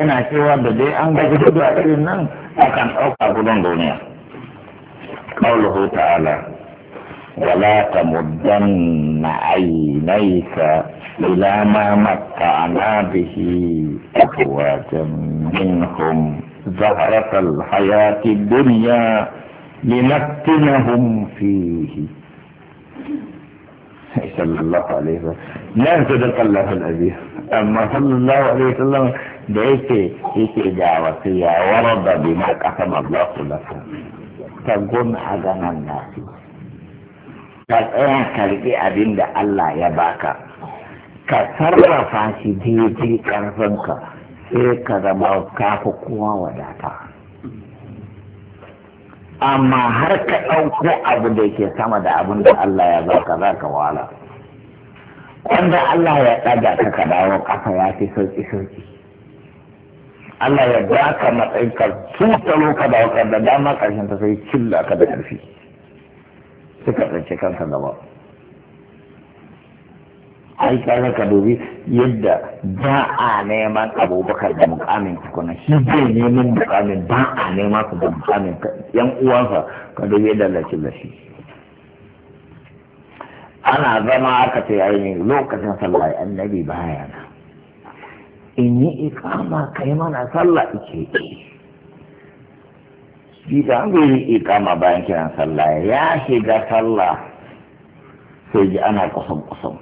ina cewa da dai an gaji gudu a irin nan akan ɗauka gudun duniya قوله تعالى ولا تمدن عينيك إلى ما متعنا به أزواجا منهم زهرة الحياة الدنيا لنفتنهم فيه صلى الله عليه وسلم لا يصدق الله الأبي أما صلى الله عليه وسلم da yake yake da wasiya warada bi ma qasama ta gona a aganan nasu ka tsaya karbi abin da Allah ya baka ka sarrafa shi daidai karfinka sai ka zama kafa kowa wadata amma har ka ɗauko abu da ke sama da abin da Allah ya baka za ka wala wanda Allah ya ɗaga ka ka dawo ƙasa ya fi sauƙi sauƙi Allah ya ba ka matsayin ka tutalo ka da wakar da dama karshen ta sai killa ka da ƙarfi ka tsinci kanka gaba ai kare ka dubi yadda ba a neman abubakar da mukamin tukuna shi zai neman mukamin ba a neman su da mukamin yan uwansa ka dubi yadda lalace da shi ana zama aka ce ainihin lokacin sallah annabi baya na in yi ikama kai mana sallah ce shi da an yi ikama bayan kiran sallah ya shiga sallah sai ji ana kusan kusan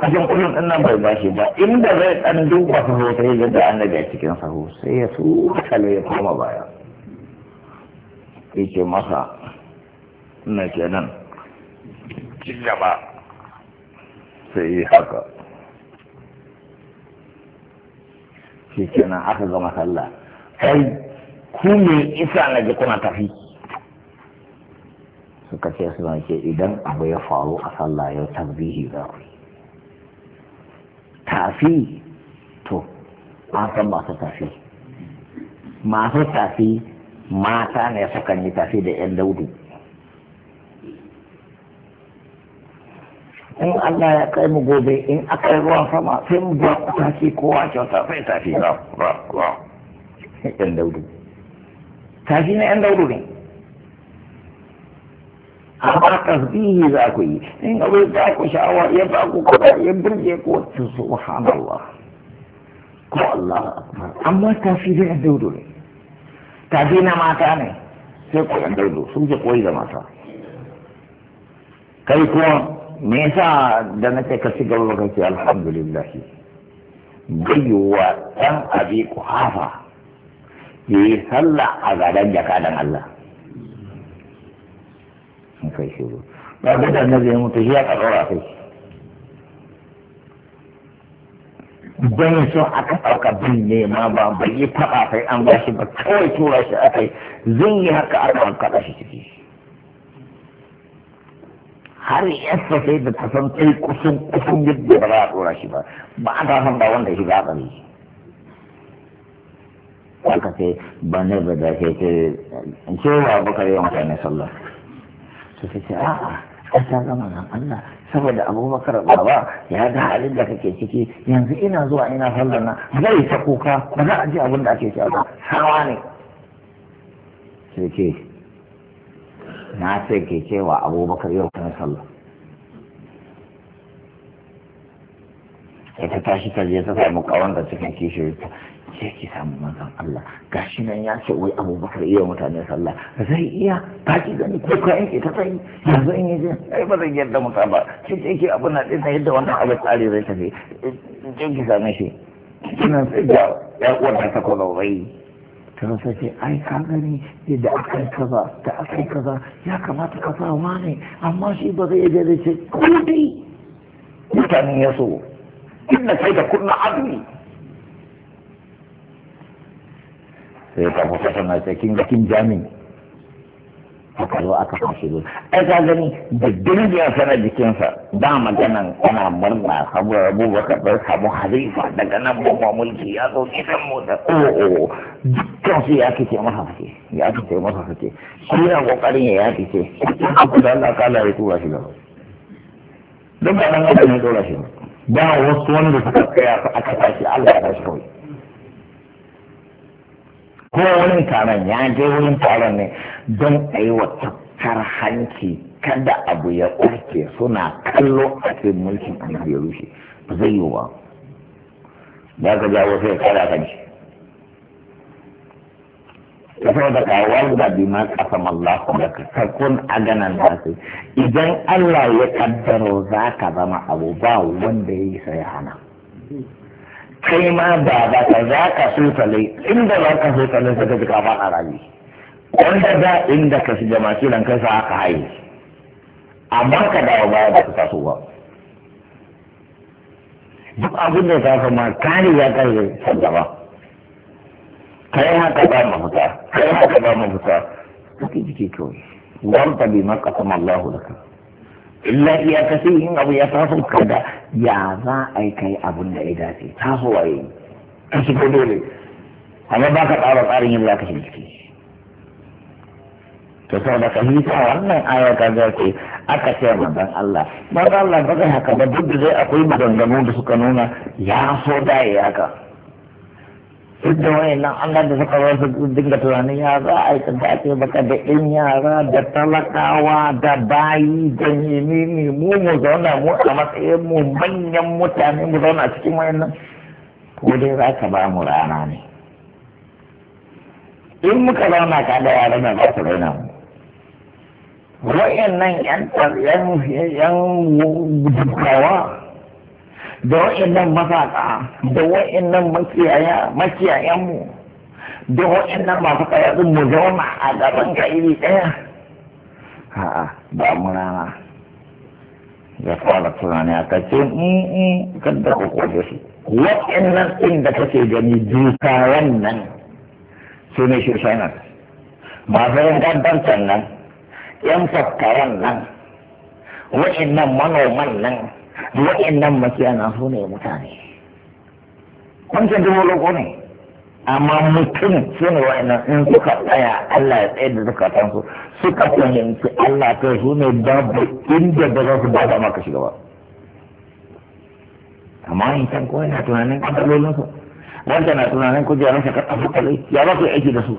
kusan kusan din nan bai bashi ba inda zai dan duba saho sai ga da annabi a cikin saho sai ya su kale ya koma baya yake masa ina kenan ci sai haka shi kenan aka gama sallah kai ku me isa na ji kuna tafi suka ce suna ce idan abu ya faru a sallah yau tarbihi za ku tafi to an san masu tafi masu tafi mata ne sukan yi tafi da 'yan daudu in Allah ya kai mu gobe in aka yi ruwan sama sai mu ba ku tafi kowa wata fai tafi ba ba ba yan daudu tafi na yan daudu ne amma tasbihi za ku yi in abu ba ku sha'awa ya ba ku kuɗa ya burge ku wacce subhanallah ko Allah amma tafi na yan daudu ne tafi na mata ne sai ku yan daudu sun ce koyi da mata kai kuwa. me yasa da nake ka ci gaba ka ce alhamdulillah bayuwa ɗan abi kuhafa ya yi sallah a gaban jakadan Allah sun kai shi ba gudan na zai mutu shi ya karora kai bayan so aka ɗauka bin ne ma ba bai yi faɗa kai an ba shi ba kawai tura shi a kai zai yi haka aka kaɗa shi ciki har yadda sai da ta san kai kusan kusan yadda ba za a dora shi ba ba a ta san ba wanda shi za a tsare shi aka ba ne ba da ke ce in ce wa bakar yawan kai na sallah su ce a'a a ta gama nan Allah saboda abubakar baba ya ga halin da kake ciki yanzu ina zuwa ina sallar na zai ta kuka ba za a ji abin da ake cewa ba hawa ne sai ke na ce ke cewa abubakar yau kan sallah sai ta tashi ta je ta samu kawanta cikin ta ce ki samu manzon Allah shi nan ya ce wai abubakar iya mutane sallah zai iya ta ki gani ko ka yanke ta tsayi yanzu in yaje ai ba zan yadda mutu ba ce ce ki abu na ɗin yadda wannan abu tsari zai tafi jin ki same shi kina sai ga ya uwar ta ko ta rasa ce ai ka gani da aka yi kaza da aka yi kaza ya kamata ka sa wane amma shi ba zai iya da ce kudi mutane ya so inda sai da kunna azumi sai ta fuka sana kin ga jamin haka zo aka fashe zo ai ka gani da girgiyar sana jikinsa ba maganan kana murna samu rabu ba ka bar samu halifa daga nan ba ma mulki ya zo gidan mota o dukkan su ya kice masa fice ya kice masa fice shi na kokarin ya ya ce abu da Allah kala ya tura shi gaba duk da nan adam ya tura shi ba wasu wanda suka kai aka tashi Allah ya tashi kawai ko wurin taron ya je wurin taron ne don a yi wa hanci kada abu ya ɓarke suna kallo a cikin mulkin annabi ya rushe ba zai yi ba da ka jawo sai kada ka ji ta saboda ka wanda bi ma kasam Allah da ka kun aganan su idan Allah ya kaddaro za ka zama abu ba wanda ya yi sai hana kai ma ba ba ka za ka so tale inda ba ka so tale sai ka ji ka faɗa rayu wanda za inda ka shiga masu nan kai sa aka haye amma ka dawo baya ba ka taso ba duk abin da ka ma kare ya kare san ba kai haka ba mafita kai haka ba mafita kake jike kawai wanda bi maka sama Allahu laka illa iyakaci in abu ya taso kada ya za a yi kai abun da ya dace taso waye ka shigo dole amma ba ka tsara tsarin yin za ka ciki to saboda ka hita wannan aya ka ga ce aka ce manzon Allah manzon Allah ba zai haka ba duk da zai akwai maganganu da suka nuna ya so da ya haka duk da wayan nan Allah da suka ba su dinga tunanin za a yi da ake baka da ɗin yara da talakawa da bayi da menene mu mu zauna mu a matsayin mu manyan mutane mu zauna cikin wayan nan ko dai za ka ba mu rana ne in muka zauna ka da yaran nan za su raina mu wayan nan yan yan yan da wa'annan masaƙa da wa'annan makiyayanmu da wa'annan masu kayatsun mu zauna a gaban ka iri ɗaya a'a ba mu rana ya fara tunani a kace in mm, mm, kada ku kwaje su wa'annan ɗin da kake gani duka wannan su ne shirsanar masu yin gaddancan nan yan fakkaran nan wa'annan manoman nan waɗannan makiyana su ne mutane wancan dubu loko ne amma mutum su ne waɗannan in suka tsaya Allah ya tsaye da zukatansu suka fahimci Allah ta su ne babu inda da za su ba da maka shiga ba amma in can kawai na tunanin kadalolinsa wanda na tunanin kujerarsa ka su kalai ya ba su aiki da su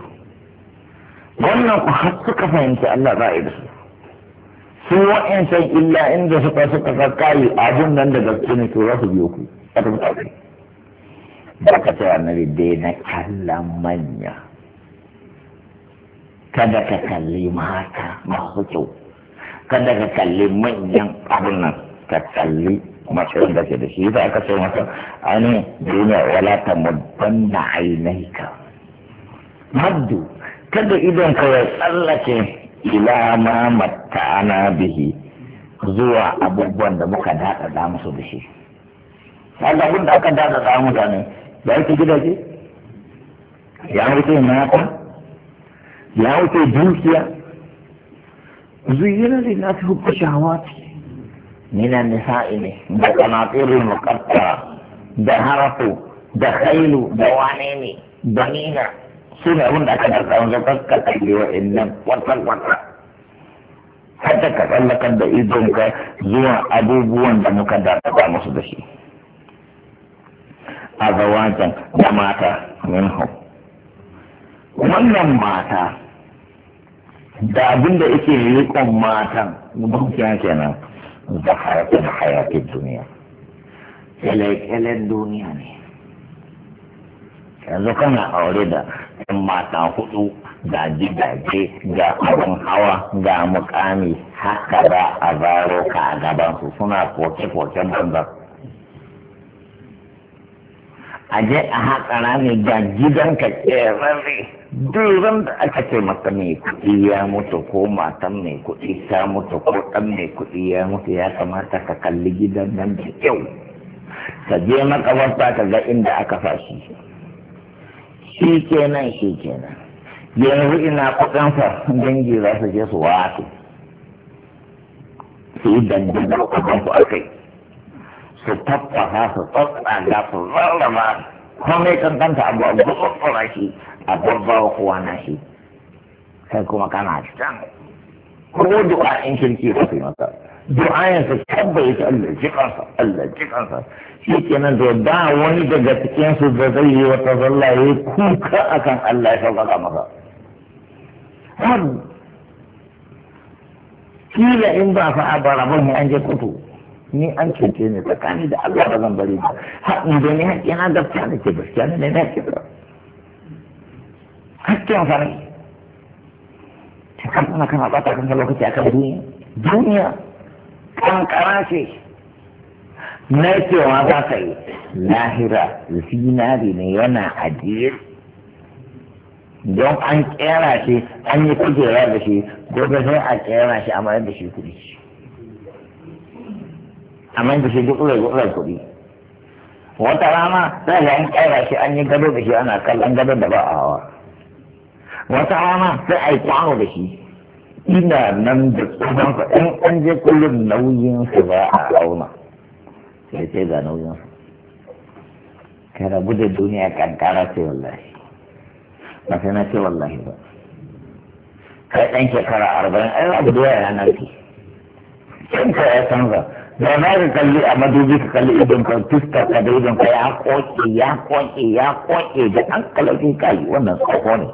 wannan ku har suka fahimci Allah za a yi da su su wa'ancan illa inda suka suka kakkaye abun nan da gaske ne to za su biyo ku ba ka ce annabi daina kallon manya kada ka kalli mata masu kyau kada ka kalli manyan abin nan ka kalli masu da ke da shi ba aka ce masa ainihin duniya wala ta muddan na ainaika maddu kada idon ka ya tsallake ila ma matta'ana bihi zuwa abubuwan da muka dada da musu da shi kaga abin da aka dada da ne? ya wuce gidaje ya wuce mata ya wuce dukiya zuyina lin nasi hubbu shahawati min an-nisa'i ne da qanatirul muqattara da harafu da khailu da wane ne da nina su ne abin da aka darta a ka kalli wa'annan kwatsan kwatsan hatta ka tsallakar da idonka zuwa abubuwan da muka darta musu da shi a zawajan da mata minhu wannan mata da abin da ake riƙon matan bankiya kenan da hayatun hayatun duniya kyale kelen duniya ne yanzu kana aure da yan mata hudu ga gidaje ga abin hawa ga mukami haka za a zaro ka a gaban su suna koke-koken banza a je a haka rami ga gidanka ƙerarre duran da aka ce mata mai kuɗi ya mutu ko matan mai kuɗi ta mutu ko ɗan mai kuɗi ya mutu ya kamata ka kalli gidan nan da kyau ka je makabarta ka ga inda aka fashi shi kenan shi kenan yanzu ina kudansa dangi za su je su wato su yi da kudan su akai su tattafa su da su kome kan danta abu a gutsutsura shi a babbar kowa na shi sai kuma kana can ko du'a'in kirki ba sai maka du'a'in sa tabbai ta Allah ji kansa Allah ji kansa shi kenan da ba wani daga cikin su da zai yi wata zalla yayi kuka akan Allah ya sauka maka kila in ba fa abara ba mu an je kotu ni an cece ne tsakani da Allah ba zan bari ba haɗin da ni haƙƙi na gaskiya ne ke gaskiya ne ne na ke ba haƙƙin fa ne kan sana kana bata kan lokaci akan duniya duniya kankara ce na cewa za ka yi lahira zinari ne yana ajiye don an kera shi an yi kujera da shi da sai a kera shi a mayar da shi kuɗi a mayar da shi duk gudunar kuɗi wata rana sai an kera shi an yi gado da shi ana kallon gado da ba a hawa wata rana sai a yi kwano da shi ina nan da tsohonsa in an je kullum nauyin su ba a auna sai sai ga nauyinsa ka rabu da duniya kankara sai wallahi ba sai na ce wallahi ba kai ɗan shekara arba'in ai abu da yaya na ce can ka ya canza da na ka kalli a madubi ka kalli idon ka fuskar ka da idon ka ya koke ya koke ya koke da an kalafi kai wannan tsoho ne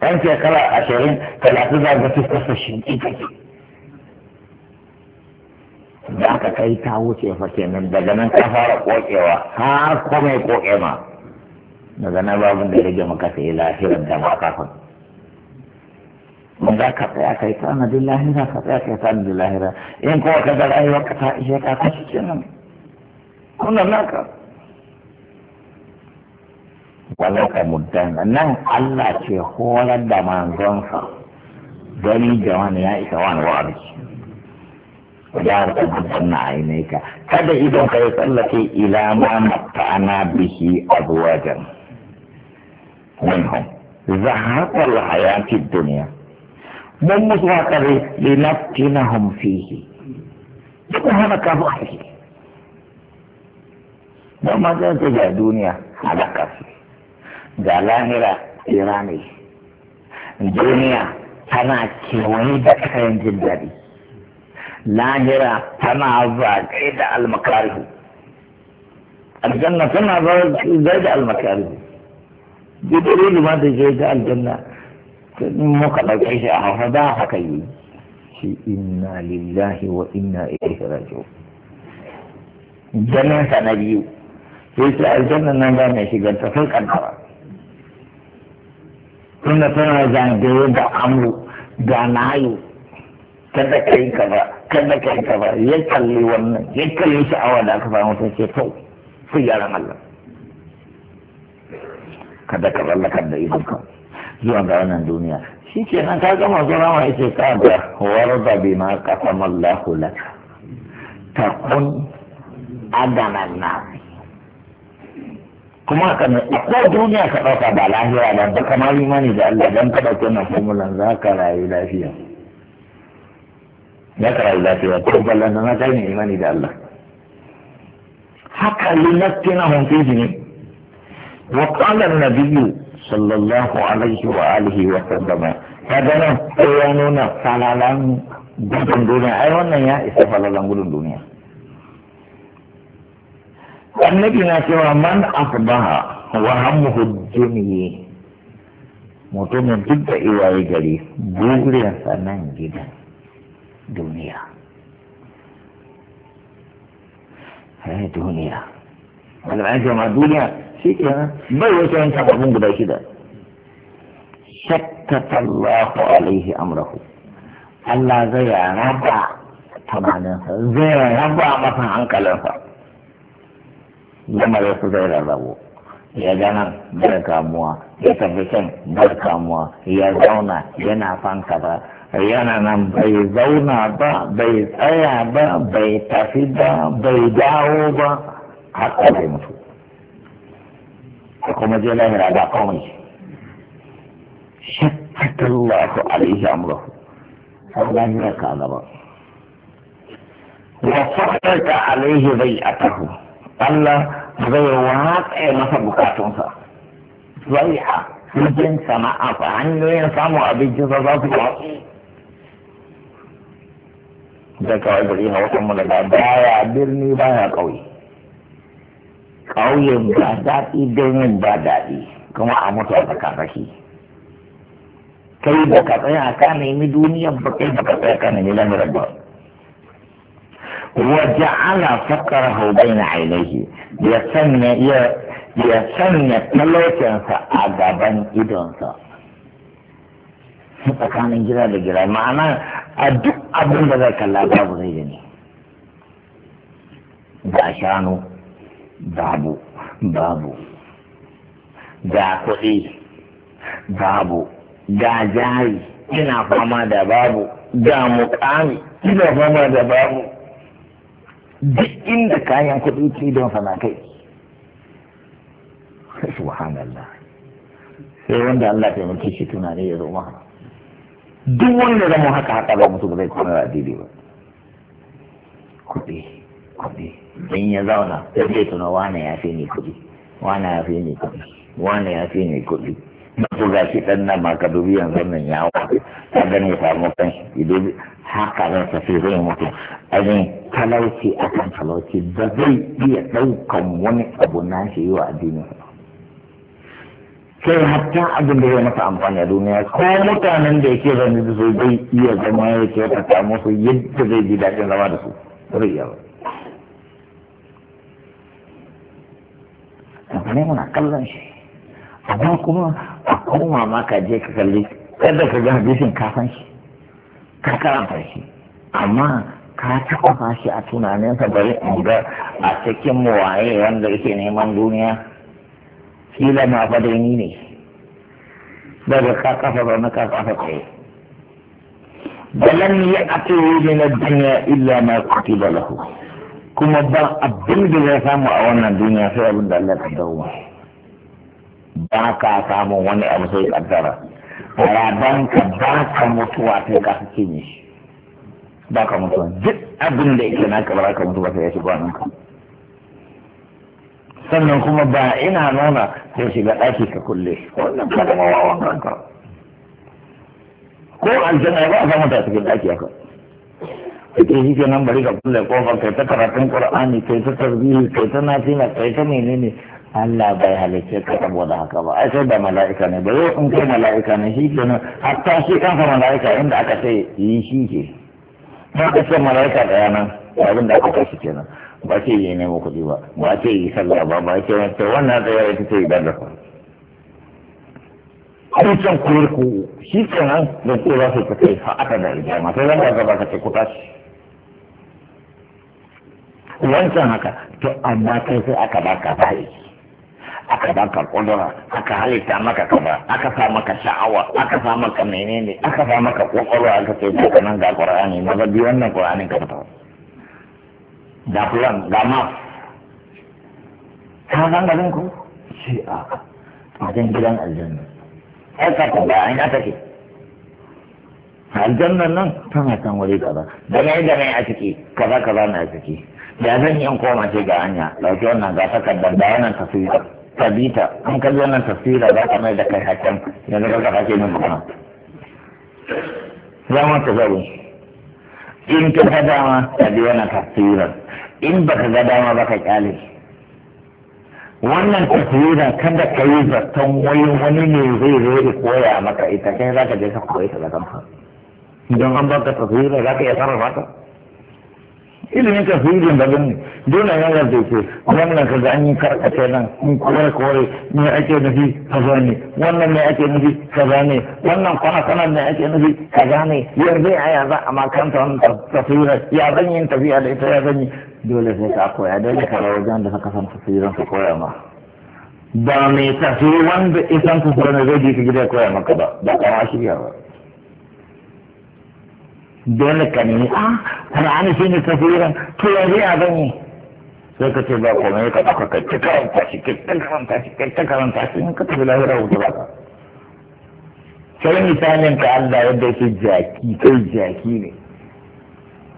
ɗan shekara ashirin talatin za ga fuskarsa shinki kake da aka kai ta wuce fa kenan daga nan ka fara kokewa har komai koke ma daga nan babu da rage maka sai lahirar da ma kafin mun za ka tsaya kai tanadin lahira ka tsaya kai tanadin lahira in kowa ka ga rayuwar ka ta ishe ka kashi kenan kuna naka wala ta nan Allah ce horar da manzonsa gani da wani ya isa wani wa'azi ya rika muddan na ka kada idan ka yi tsallake ila ma ta ana bihi azwajan minhum zahatar hayati duniya mun musu haƙari hum fihi duk hana kafu a ciki don ma zai ga duniya halaka su د لاهره ایرانی دنیا تنها کیونی دکترین جدی لاهره تنها آزاد اید المکاری الجنة تنها آزاد اید المکاری جدی لی ماده جدی الجنة مخلص ایش آهدا حکی إنا لله وإنا إليه راجعون. جنة نبيو. في الجنة نبيو. في الجنة نبيو. tunda tana zagaye da amu da nayu kada ka yi kaza kada ka yi kaza ya kalli wannan ya kalli sha'awa da aka samu ta ce to su yaran Allah kada ka rallakar da idon ka zuwa ga wannan duniya shi ke nan ka gama zuwa ma ita ka da warda bi ma kasamallahu laka takun adana nasu kuma ka ko duniya ka ɗauka ba lahira ba ba kamar imani da Allah dan ka ɗauki wannan formulan za ka rayu lafiya za ka rayu lafiya ko ballan na ta yi imani da Allah haka linaskina hun fi jini wa qala an-nabiyyu sallallahu alaihi wa alihi wa sallama kaga nan sai ya nuna salalan gudun duniya ai wannan ya isa falalan gudun duniya annabi na cewa man asbaha wa hammuhu duniya mutumin duk da iwaye gari burinsa nan gidan duniya hai duniya wani an ce ma duniya shi ke bai wasu yan tababin guda shida shakkata Allahu alaihi amrahu Allah zai raba tunaninsa zai raba masa hankalinsa ya mara su zai rarrabo ya gana bar kamuwa ya tafi can bar kamuwa ya zauna yana fanka ba yana nan bai zauna ba bai tsaya ba bai tafi ba bai dawo ba har bai mutu kuma je lahira da kawai shakkatallahu alaihi amrahu har lahira ka gaba wa farata alaihi bai'atahu Allah zai watsa masa bukatunsa zai ha cikin sana'a fa hanyoyin samun abinci za su watsu da kawai gari na wasan mu daga baya birni baya ƙauye ƙauyen ba daɗi birnin ba daɗi kuma a mutu a tsakasaki kai da ka tsaya ka nemi duniyar ba kai da ka tsaya ka nemi lamarin ba وجعل ya ya عينيه يسمى يسمى تلوتنسا أجابا إدونسا tsakanin gida da gida ma'ana a duk abin da zai kalla babu zai gani da shanu babu babu da kuɗi babu da jari ina fama da babu da muƙami ina fama da babu duk inda kayan kuɗi ci don sana kai subhanallah sai wanda Allah ta mutu shi tunani ya zo maka duk wanda zama haka haka ba mutu zai kwana da dide ba kuɗi kuɗi in ya zauna sai zai tuna wane ya fi ni kuɗi wane ya fi ni kuɗi wane ya fi ni kuɗi na ko ga shi dan nan ma ka dubi yanzu nan ya ka gani ta mu kan shi dubi haka ran sa sai zai mutu ajin talauci akan talauci da zai iya ɗaukan wani abu na shi yi wa addini sai hatta abin da zai masa amfani a duniya ko mutanen da yake zaune da su zai iya zama ya kyautata su yadda zai ji daɗin zama da su zai iya ba ne muna kallon shi amma kuma koma ma ka je ka kalli kada ka ga hadisin ka san shi ka karanta shi amma ka taɓa shi a tunaninsa bari in ga a cikin waye wanda yake neman duniya kila ma fa dai ni ne daga ka kafa zaune ka kafa tsaye balan ya atihi min ad-dunya illa ma kutiba lahu kuma ba abin da ya samu a wannan duniya sai abin da Allah ya dawo ba ka samun wani abu sai kaddara ka ba ka mutuwa sai ka cinye ne ba ka mutuwa duk abin da yake naka ba ka mutuwa sai ya shiga nan ka sannan kuma ba ina nuna sai shiga ɗaki ka kulle wannan ka zama wawan kanka ko aljanna ba a samu ta cikin daki haka ita yi ke nan bari ka kulle kofar kai ta karatun ƙura'ani kai ta tasbihi kai ta nasina, kai ta menene Allah bai halice ka saboda haka ba ai sai da mala'ika ne ba yau in kai mala'ika ne shi ke hatta shi kansa mala'ika inda aka ce yi shi ke ba ka ce mala'ika ɗaya nan abin da aka kashi kenan ba ce yi nemo kuɗi ba ba ce yi sallah ba ba ce wata wannan da ya ita ce da ba kusan kuwar ku shi kenan da ku za su kai ha aka da ijama sai zan ka gaba ka ce ku tashi wancan haka to amma kai sai aka baka bayi aka baka kudura aka halitta maka kaba aka sa maka sha'awa aka sa maka menene aka sa maka kokoro aka ce ko nan ga qur'ani maza bi wannan qur'anin ka fita da plan da ma ka san garin ku shi a wajen gidan aljanna ai ka ta bayan ka take aljannan nan tana kan wuri kaza da mai da mai a ciki kaza kaza na a ciki da zan yi an koma ce ga hanya dauki wannan ga takardar da wannan tafiyar tabita an kalli wannan tafsira za ka mai da kai hakan yanzu ka ka kake min magana za mu ta zaru in ka ga dama ka bi wannan tafsiran in ba ka ga dama ba ka kyale wannan tafsira kada ka yi zaton wai wani ne zai zo ya koya maka ita kai za ka je ka koyi ta da kanka idan an baka tafsira za ka iya sarrafa ta ilimin tafsirin da ne dole ya yarda ke wannan kaga an yi karkace nan in kore kore me ake nufi kaza ne wannan me ake nufi kaza ne wannan kwana kwana me ake nufi kaza ne yanzu a ya za a makanta wannan tafsirin ya zan yin tafiya da ita ya zan yi dole sai ka koya dole ka rawar wajen da ka san tafsirin ka koya ma ba mai tafi wanda isan tafsirin da zai ji ka gida koya maka ba ba kama shirya ba dole ka nemi ah, a ra'ani shi ne kafiran to yanzu ya zan yi sai ka ce ba komai ka ɗauka ka ci karanta shi ka ci karanta shi ka ci karanta shi in ka tafi lahira wuce ba ka sai misalin ka Allah yadda yake jaki kai jaki ne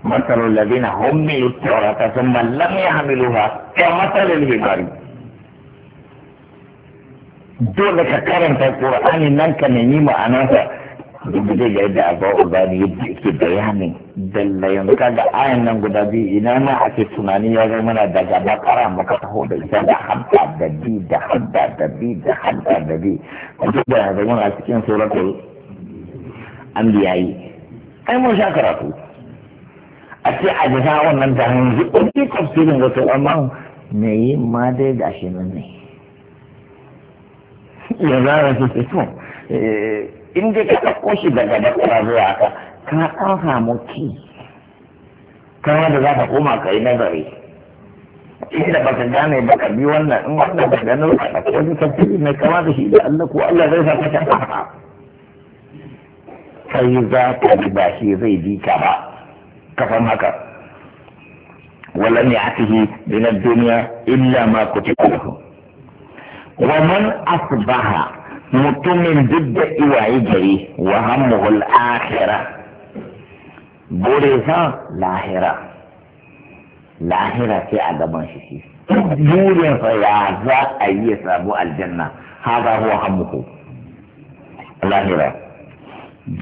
مثل الذين حملوا التوراة ثم لم ka كمثل الهبار dole ka karanta Qur'ani nan ka nemi ma'anarsa da zai ga yadda abu ubani yadda yake bayani dalla yanzu kaga ayan nan guda biyu ina ma ake tunani ya zama mana daga bakara maka taho da ita da hadda da bi da hadda da bi da hadda da bi duk da yanzu muna cikin suratul anbiya'i ai mun sha karatu a ce a jisa wannan ta hanzu ɗauki tafsirin da to amma me yi ma dai da gashi nan ne yanzu ana su fito eh, in dai ka ɗauko shi daga daga zuwa ka ka ɗan samu ki kama da za ka koma ka yi nazari inda ba ka gane ba ka bi wannan in wannan ba gano ka ɗauko ka tafsiri mai kama da shi da Allah ko Allah zai sa ka ta ɗauka kai za ka bi ba shi zai bi ka ba kafan haka ولم يعته من الدنيا إلا ما كتب له ومن asbaha. mutumin duk da iwaye gari wa hammuhul akhira burinsa lahira lahira sai a gaban shi shi burinsa ya za a yi ya samu aljanna haza huwa hammuhu lahira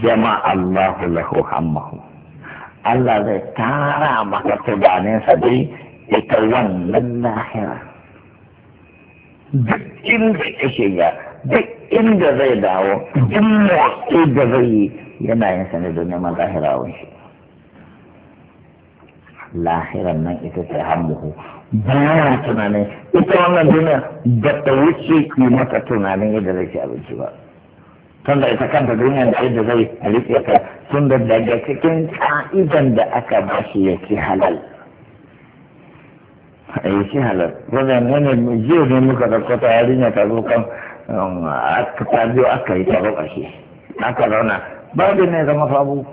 jama Allahu lahu hammahu Allah zai tara maka tunaninsa dai ita wannan lahira duk inda ya shiga duk inda zai dawo duk motsi da zai yi yana yin sani don neman lahirawun shi lahiran nan ita ce hamduhu ba ya tunanin ita wannan duniya ba ta wuce ki mata tunanin yadda zai ci abinci ba tunda ita kanta duniyar da yadda zai rike ka tun da daga cikin ka'idan da aka ba shi ya ci halal a yi ci halal wannan wani jiya ne muka ɗauko ta yarinya ta zo kan aka ta biyu aka yi taro ƙarshe aka ba da ne zama fabu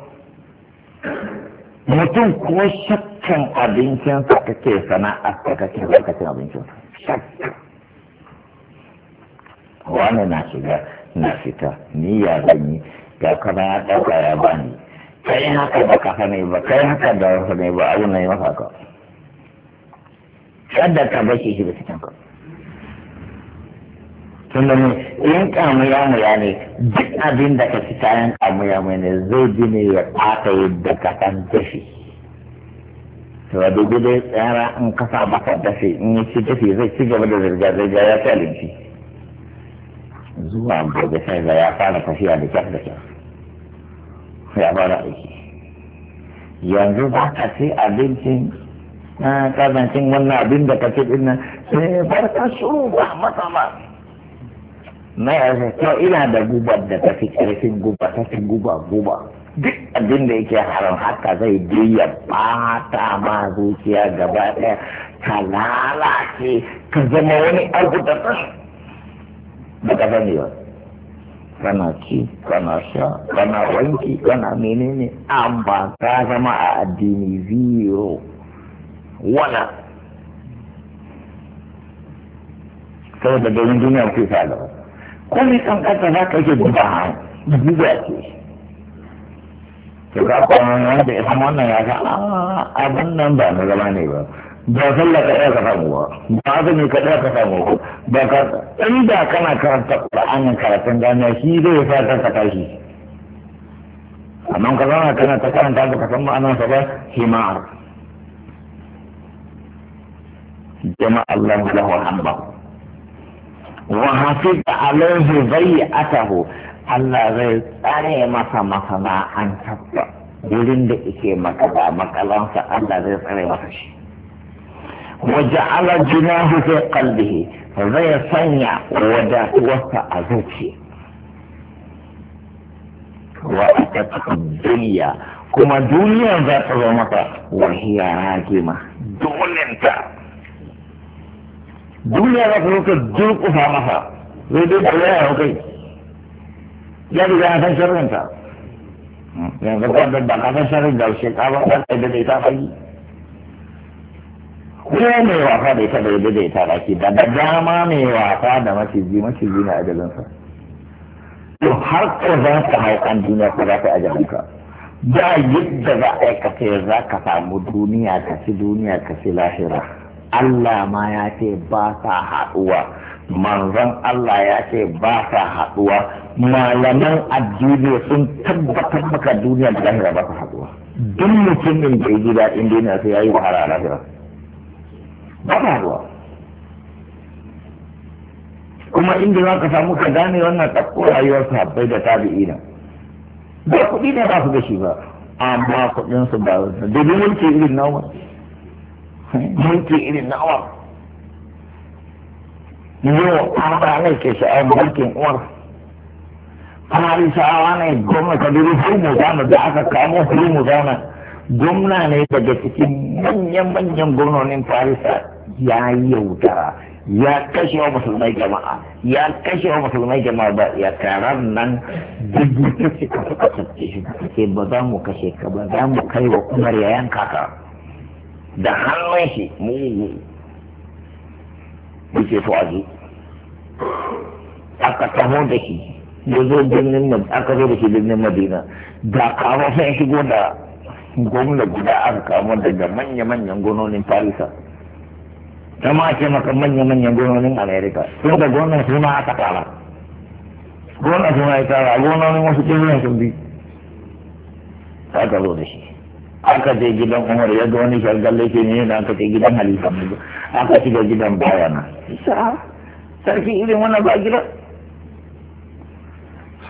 mutum ko shakkan abincinsa kake sana'a ta kake lokacin abincinsa shakka wani na shiga na fita ni ya zanyi ga kana ya ɗauka ya bani kai haka da kafa ne ba kai haka da wasu ne ba abu na yi masa ka yadda ka bashi shi da cikin ka tunda ne in kamuya muya ne duk abin da ka ci kayan kamuya mai ne zai ji ne ya ɓata yadda ka san dafi to a dubi dai tsara in kasa maka dafi in ya ci dafi zai ci gaba da zirga-zirga ya ci alinci zuwa gobe sai ga ya fara tafiya da kyar da kyar ya fara aiki yanzu ba ka ci abincin na eh, kazancin wannan abin da ka ce din nan sai eh, farka shuru ba masa ba na yarda kyau ina da gubar da ta fi ƙarfin guba ta fi guba guba duk abin da yake haram haka zai je ya bata ma zuciya gaba ɗaya ka lalace ka zama wani abu da ta ba ka sani ba kana ci kana sha kana wanki kana menene amma ka zama a addini zero wala saboda domin duniya ku sa gaba komai kankanta za ka yi guda guda ce to ka kuma wanda ya san wannan ya ga ah, abin nan ba na zama ne ba ba sallah ka ɗaya ka samu ba ba azumi ka ɗaya ka samu ba ba ka inda kana karanta ƙur'anin karatun gana shi zai sa kanka tashi amma ka zauna kana ta karanta ba ka san ma'anarsa ba himar jama'a Allah lahu alhamdulillah wa zai alaihi atahu. Allah zai tsare masa masana'antarsa wurin da ike maka ba makalansa Allah zai tsare masa shi wa ja'ala jinahu fi qalbihi zai sanya wadatuwarsa a zuciya wa atatkum duniya kuma duniya za ta zo maka wa ragima dolenta duniya za ka zo ka durƙufa masa zai dai da ya hau kai ya bi ya san sharrinta yanzu ka da ka san sharrin da shi ka ba ka da dai ta fagi ko mai wasa da ita da ya ta laki da da dama mai wasa da maciji maciji na ajalinsa to har ko za ka hau kan duniya ko za ka ajalinka da yadda za a aikata za ka samu duniya ka ci duniya ka ci lahira Allah ma ya ce ba sa haɗuwa manzan Allah ya ce ba sa haɗuwa malaman addini sun tabbatar maka duniya da lahira ba sa haɗuwa duk mutumin da ya ji daɗin duniya sai ya yi wahala a lahira ba sa haɗuwa kuma inda za ka samu ka gane wannan ɗauko rayuwar sahabbai da ina. ba kuɗi ne ba su da shi ba amma kuɗinsu ba su da mulki irin nawa mulki irin na awar yau an ba ne ke sha'ar mulkin uwar sha'awa ne gwamna kabiru mu zana da aka kamo mu zana gwamna ne daga cikin manyan-manyan gwamnonin farisa ya yi yaudara ya kashe wa musulmai jama'a ya kashe wa musulmai jama'a ba ya tarar nan duk suka suka tafi shi ba za mu kashe ka ba za mu kai wa umar ya kaka. da hannun shi mugu yake to aje aka taho da shi ya zo birnin aka zo da shi birnin madina da kama sai shigo da gwamna guda aka kama daga manya-manyan gononin farisa ta ma ce maka manya-manyan gononin amerika sun da gonan suna aka tara gonan suna ya tara gononin wasu ɗin sun bi aka zo da shi aka je gidan umar ya ga wani shargalle ke ne da aka je gidan halifa ne aka shiga gidan bayana sarki irin wannan ba gidan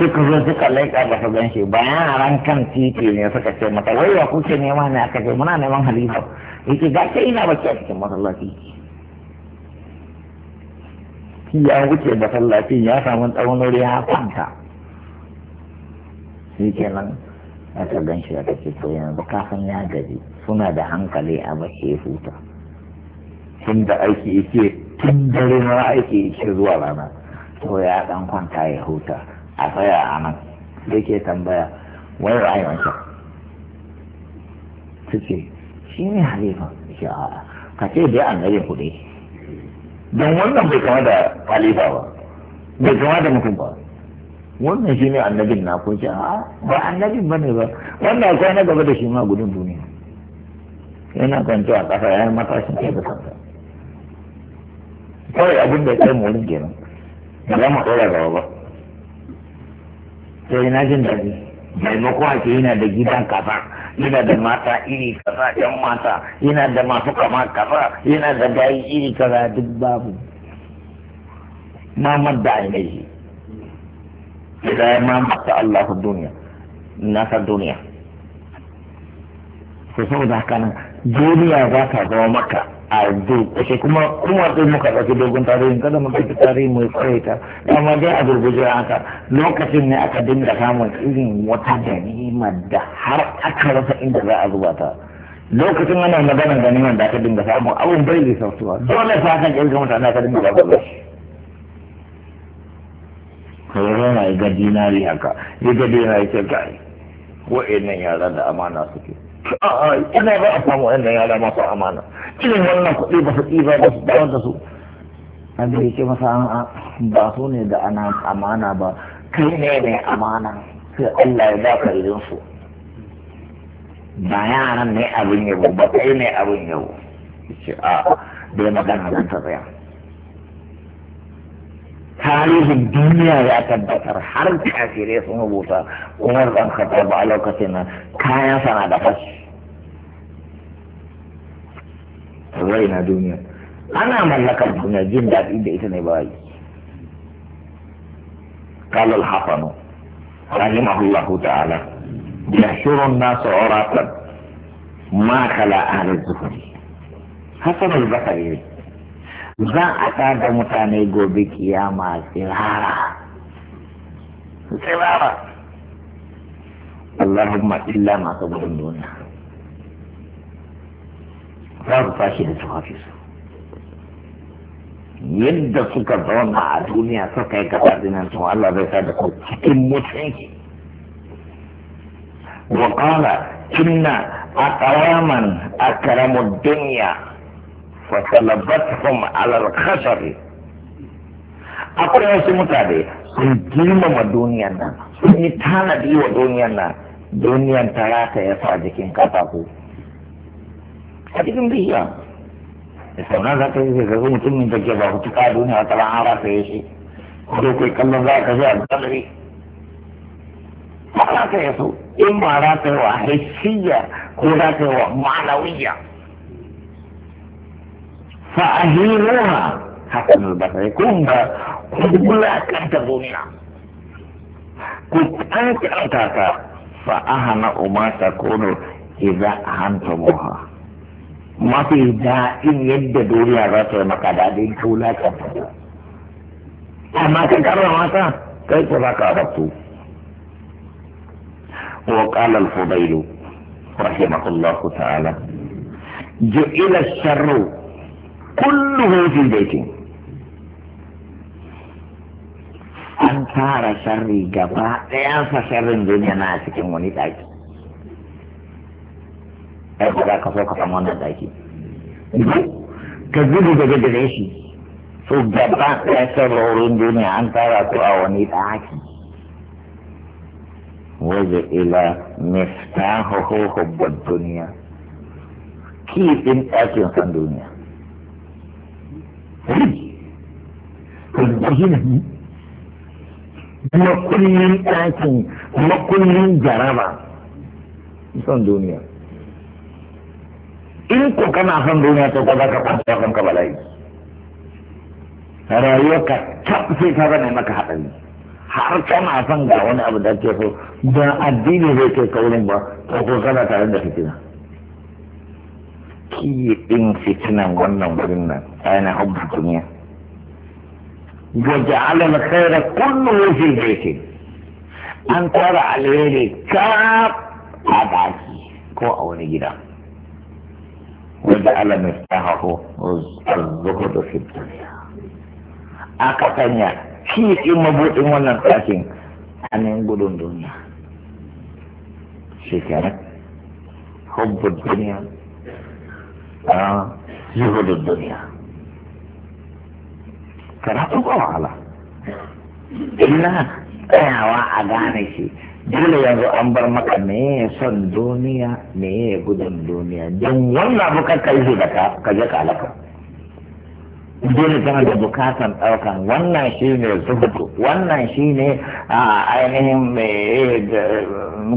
suka zo suka laika ba su gan shi bayan a ran kan titi ne suka ce mata wai wa kuke nema ne aka ce muna neman halifa yake ga ke ina baki a cikin masallaci ya wuce masallacin ya samu tsawon wuri ya kwanta shi kenan aka gan shi aka ce ko yanzu san ya gaji suna da hankali a bashi huta tun da aiki yake tun dare ma aiki yake zuwa rana to ya dan kwanta ya huta a tsaya a nan yake tambaya wai ra'ayi wancan su ce shi ne halifa shi a ka ce dai an gare kuɗi don wannan bai kama da halifa ba bai kama da mutum ba wannan shi ne annabin na ko ce ba annabin ba ne ba wannan akwai na gaba da shi ma gudun duniya yana kwanci a ƙasa ya yi matashin ke da kansa kawai abin da ya kai mu kenan ba za mu ɗora gaba ba sai na jin daɗi maimako ke yana da gidan kasa yana da mata iri kasa yan mata yana da masu kama kasa yana da bayi iri kasa duk babu mamar da ainihi idan ya mamata Allah duniya n'a nasa duniya sai saboda haka nan duniya za ta zama maka a duk ake kuma kuma wato muka ɗauki dogon tarihin kada mu ɗauki tarihi mai tsaye ta amma dai a gurguje haka lokacin ne aka dinga samun irin wata ganima da har aka rasa inda za a zuba ta lokacin ana magana ganima da aka dinga samun abun bai zai sautuwa dole sa kan ƙirgin mutane aka dinga samun haka ya zauna ya ga dinari haka ya ga dinari ce kai wa'annan yara da amana suke ina ba a samu wa'annan yara masu amana irin wannan kuɗi ba su ɗiba ba su dawar da su an da yake masa ba su ne da ana amana ba kai ne mai amana sai Allah ya baka idan su ba yaran ne abin yabo ba kai ne abin yabo ce a bai magana zan ta tsaya tarihin duniya ya tabbatar har kafirai sun rubuta umar dan khattab a lokacin nan kayan sana da fashi rai na duniya ana mallakar duniya jin daɗi da ita ne bayi قال الحفن رحمه الله تعالى يحشر الناس عراة ما خلا أهل الزفر حسن البصري za a da mutane gobe kiyama tsirara tsirara Allahumma illa masu gudun duniya za su tashi da tufafi su yadda suka zauna a duniya suka yi gaba dinan sun Allah zai sa da ku cikin mutunci wa qala inna aqraman akramu dunya fasalabatkum alal khashari akwai wasu mutane sun girmama duniyar nan sun yi tanadi wa duniyar nan duniyar ta rata ya sa jikin katako a cikin bishiya da sauran za ka yi zai zazu mutumin da ke ba ku tuka duniya ta ran an rata shi ko kai kallon za ka a gallery ba rata ya so in ba rata ya wa hissiyya ko rata ya wa ma'anawiyya fa ahiruha hasan albasari kun ba ku bulakanta gomina ku kankanta ta fa aha na umarta kono idan hanta muha mafi daɗin yadda duniya za ta yi maka daɗin tula ta amma ka karra mata kai ku za ka rabtu wa ƙalal fubailu rahimahullahu ta'ala ju'ila sharru kulluhu fi baitin an tara sharri gaba ɗayan sa sharrin duniya na cikin wani ɗaki ai ba za ka so ka samu wannan ɗaki ka gudu daga gare shi so gaba ɗaya sharrorin duniya an tara su a wani ɗaki waje ila miftahu hubbun duniya kifin ɗakin san duniya ne makullin ɗakin makullin jaraba son duniya in ko kana son duniya to ko za ka kwanta kanka bala'i rayuwarka tab sai ka gane maka haɗari har kana son ga wani abu da ke so da addini zai ke kaurin ba ko kana tare da fitina ki ɗin fitinan wannan wurin nan yana hubbu duniya gaji alal khaira kullum fil baiti an tara alheri ka a daki ko a wani gida wanda ala mistahahu az-zuhud fi aka sanya shi din mabudin wannan ɗakin a nan gudun duniya shekarar hubbun duniya a zuhudun duniya karatu ba wahala illa tsayawa a gane shi dole yanzu an bar maka me son duniya me gudun duniya don wannan abu kan kai da ka ka je ka alaka dole tana da bukatan ɗaukan wannan shi ne zuhudu wannan shi ne ainihin eh,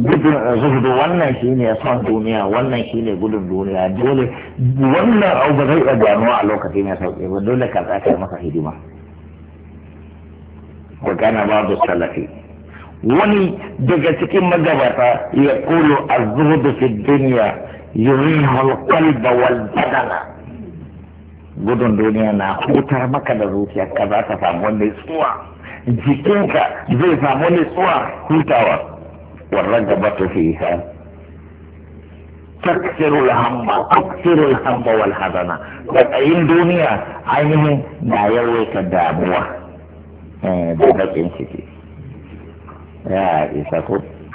gudun eh, zuhudu wannan shi ne son duniya wannan shi ne gudun duniya dole wannan abu ba zai iya a lokaci mai sauƙi ba dole ka tsakar masa hidima magana babu salafi wani daga cikin magabata ya kulu a zuhudu fi duniya yurihul qalba wal badana gudun duniya na hutar maka da ka za ta samu tsuwa jikinka zai samu tsuwa hutawa wannan gaba ta fi ha taksirul hamba taksirul hamba wal hazana da tsayin duniya ainihin na yawaita damuwa eh, da ciki ya isa ko